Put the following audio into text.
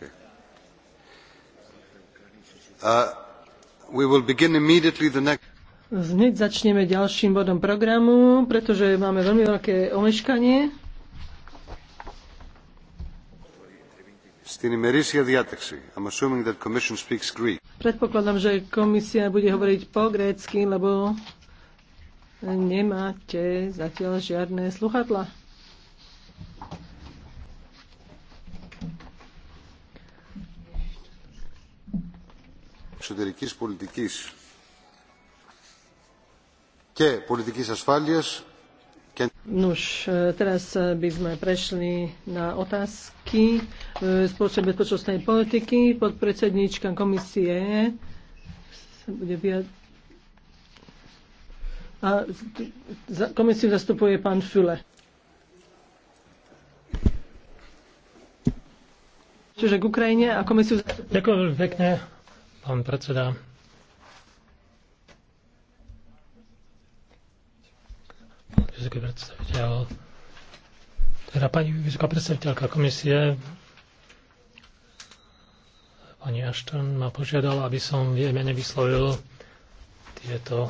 Okay. Uh, next... Hneď začneme ďalším bodom programu, pretože máme veľmi veľké omeškanie. Predpokladám, že komisia bude hovoriť po grécky, lebo nemáte zatiaľ žiadne sluchatla. εξωτερικής πολιτικής και πολιτικής ασφάλειας Nuž, e, teraz e, by sme prešli na otázky e, spoločnej bezpečnostnej politiky. Podpredsednička komisie sa bude viac... A komisiu zastupuje pán Füle. Čiže k Ukrajine a komisiu zastupuje... Ďakujem veľmi pekne pán predseda. vysoký predstaviteľ, teda pani vysoká predstaviteľka komisie, pani Ashton ma požiadala, aby som v Jemene vyslovil tieto